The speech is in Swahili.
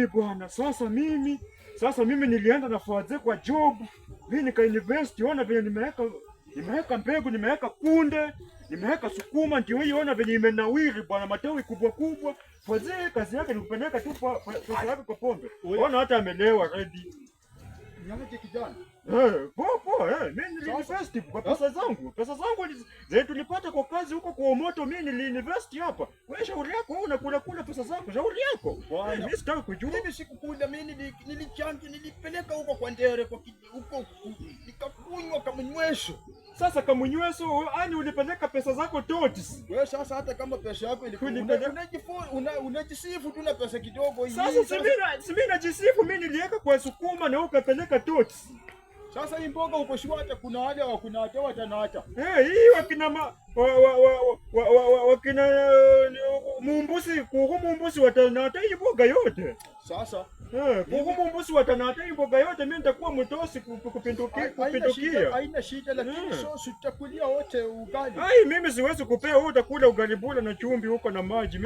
mimi bwana, sasa mimi sasa mimi nilienda na nafuaze kwa job hii nika ona venye nimeweka nimeweka mbegu, nimeweka kunde, nimeweka sukuma, ndio hiyo, ona venye imenawiri bwana, matawi kubwa kubwa. Fazee kazi yake ni kupeleka tu pesa yake kwa pombe. Ona hata amelewa ready. Niaje kijana? Eh, hey, university kwa pesa zangu. Pesa zangu zile tulipata kwa kazi huko kwa moto, mimi nili university hapa. Wewe shauri yako, wewe unakula kula pesa zangu, shauri yako. Mimi sitaki kujua. Mimi sikukula, mimi nilichanja, nilipeleka huko kwa Ndere kwa huko nikakunywa kama nywesho. Sasa kama nywesho, yani ulipeleka pesa zako totis. Wewe sasa hata kama pesa yako ilikuwa unajisifu tu na pesa kidogo hii. Sasa si mimi najisifu, mimi niliweka kwa sukuma na ukapeleka totis. Sasa hii mboga ukoshwata kuna wale wa kuna hata watanata. Eh, hii wakina ma wa wa wa wa wakina eh, mumbusi kuku mumbusi watanata hii mboga yote. Sasa eh, kuku mumbusi watanata hii mboga yote, mimi nitakuwa mtosi kupindukia kupindukia. Haina shida lakini sosi eh. tutakulia wote ugali. Ai, mimi siwezi kupea wewe, utakula ugali bula na chumbi huko na maji.